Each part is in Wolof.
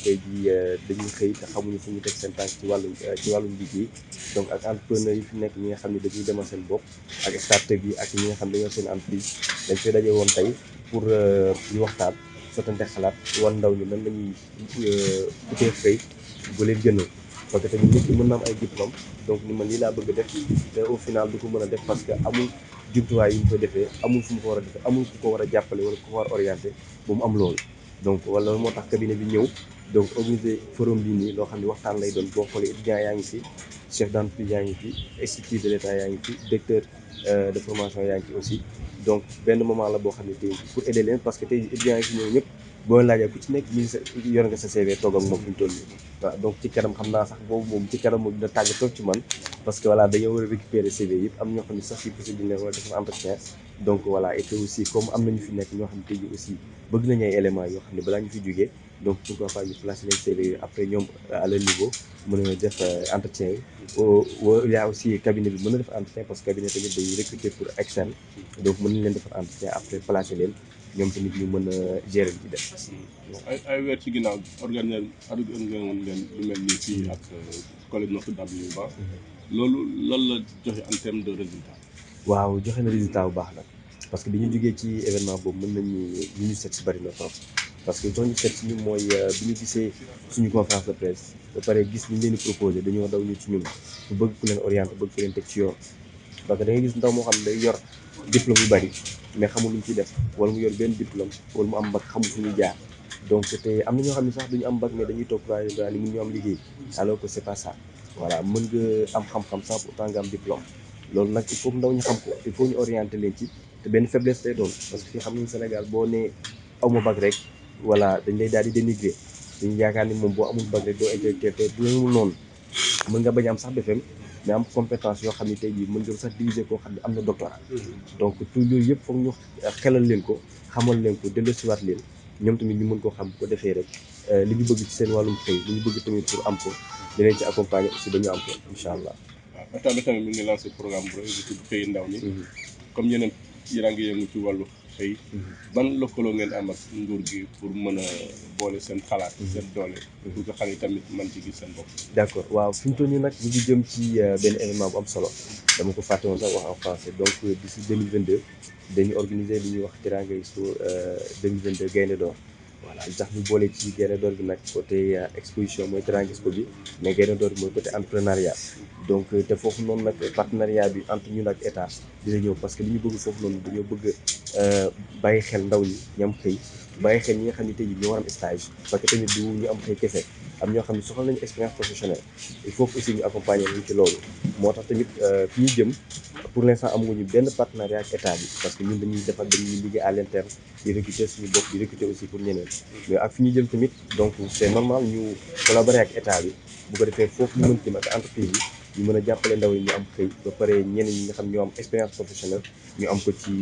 tey jii euh, dañuy xëy te xamuñu fu ñu teg seen tànk ci wàllu euh, ci wàllum liggéey donc ak entrepreneur yi fi nekk ñi nga xam ne dañuy demal seen bopp ak start-up yi ak ñi nga xam ne dañoo seen entreprise dañ fee daje woon tey pour euh, ñu waxtaan sottante xalaat wan ndaw ñi nan lañuy utee xëy bu leen gënal parce que tamit nit ki mën na am ay diplôme donc ni man lii laa bëgg a def te au final du ko mën a def parce que amul jumtuwaay yu mu ko defee amul fu mu ko war a defee amul ku ko war a jàppale wala war a orienté ba mu am loolu donc wala moo tax cabinet bi ñëw donc organiser forum bi nii loo xam ne waxtaan lay doon boo xoolee étudiants yaa ngi fi chef d'entreprise yaa ngi fi exécutif de l'état yaa ngi fi directeur euh, de formation yaa ngi fi aussi donc benn moment la boo xam ne tey pour aider leen parce que tey étudiants yi fi ñëw ñëpp boo laajee ku ci nekk mi sa CV toog ak moom fi toll nii waaw donc ci kanam xam naa sax boobu moom ci kanam moom dina tàggatoo ci man parce que voilà dañoo war a CV yëpp am ñoo xam ne sax si possible donc voilà et que aussi comme am ñu fi nekk ñoo xam ne aussi bëgg nañu ay éléments yoo xam ne balaa ñu fi jugee donc pourquoi pas ñu placer ñoom à leur niveau mën euh, a aussi cabinet bi mën na def entretien parce que cabinet tamit day recruter pour externe donc mën nañ leen defar entretien après placer leen ñoom tamit ñu mën a gérer di def. ay weer ci ginnaaw organiser organiser woon ngeen lu mel nii fii ak euh, collège Notre-Dame yu baax. Mhm. loolu lan la joxe en terme de résultat. waaw joxe na résultat bu baax nag parce que bi ñu jógee ci événement boobu mën nañu ñu ñu seet si bëri na trop parce que soo ñu seet si ñu mooy euh, bi ñu gisee suñu conférence de presse ba pare gis li ñu leen di proposé dañoo daw ñu ci ñun bu bëgg ku leen orienté bëgg ku leen teg ci yoon parce que da gis ndaw moo xam ne day yor diplôme yu bari mais xamul lu mu ciy def wala mu yor benn diplôme wala mu am mbag xamul fu muy jaar donc te am na ñoo xam ne sax duñu am mbag mais dañuy toog waaye daal mun ñu am liggéey alors que c'est pas ça voilà mën nga am xam-xam sans pourtant nga am diplôme loolu nag il ndaw ñu xam ko il faut ñu orienter leen ci te benn faiblesse lay doon parce que fii xam nañu Sénégal boo nee awma bac rek voilà dañ lay daal di dénigrer dañu yaakaar ni moom boo amul bag rek doo intellectuel te du loolu noonu mën nga bañ am sax BFEM mais am compétence yoo xam ne tey jii mën nga sax diviser koo xam ne am na doctorat mm-hmm. donc tout yooyu yëpp foog ñu xelal leen ko xamal leen ko delloosiwaat leen ñoom tamit ñu mën koo xam bu ko defee rek euh, li ñu bëgg ci seen wàllum xëy ñu bëgg tamit pour am ko dinañ ci accompagner aussi ba ñu am ko incha allah état bi tamit mi ngi lancé programme bu rëy bu tudd xëy ndaw ñi mhm. comme yeneen yéen a ngi yëngu ci wàllu xëy mhm. ban lëkkaloo ngeen am ak nguur gi pour mën a boole seen xalaat mhm. seen doole pour que xale yi tamit man ci gis seen bopp d' accord waaw fi mu toll nii nag ñu jëm ci euh, benn événement bu am solo dama ko fàtte woon sax wax en français donc euh, d'ici 2022 dañu organiser li ñuy wax teraanga yi su 2022 gaynde d'or voilà li tax ñu boole ci Gaindé Door gi nag côté euh, exposition mooy Teranga Expo bi mais Gaindé Door gi mooy côté entrepreneuriat donc euh, te foofu noonu nag partenariat bi entre ñu nag état dina ñëw parce que li ñu bëgg foofu noonu dañoo bëgg euh, bàyyi xel ndaw ñi ñam xëy bàyyi xel ñi nga xam ne tey jii ñoo stage parce que tamit du ñu am xëy kese am ñoo xam ne soxla nañu expérience professionnelle il faut aussi ñu accompagner ñu ci loolu moo tax tamit euh, fi ñu jëm pour l'instant amuñu benn partenariat ak état bi parce que ñun dañuy defar dañuy liggéey à l'interne di recruter suñu bopp di recruter aussi pour ñeneen mais ak fi ñu jëm tamit donc c'est normal ñu collaborer ak état bi bu ko defee foofu ñu mën jëm ak entreprise yi ñu mën a jàppale ndaw yi ñu am xëy ba pare ñeneen ñi nga xam ñoo am expérience professionnelle ñu am ko ci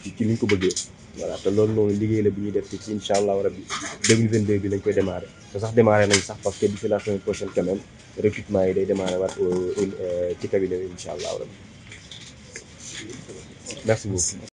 ci ci liñ ko bëggee voilà te loolu noonu liggéey la bu ñuy def te ci incha allahu rabbi 2022 bi lañ koy démarré te sax démarré nañ sax parce que d'ici la semaine prochaine quand même recrutement yi day démarré waat euh, ci cabinet bi incha allahu rabbi merci beaucoup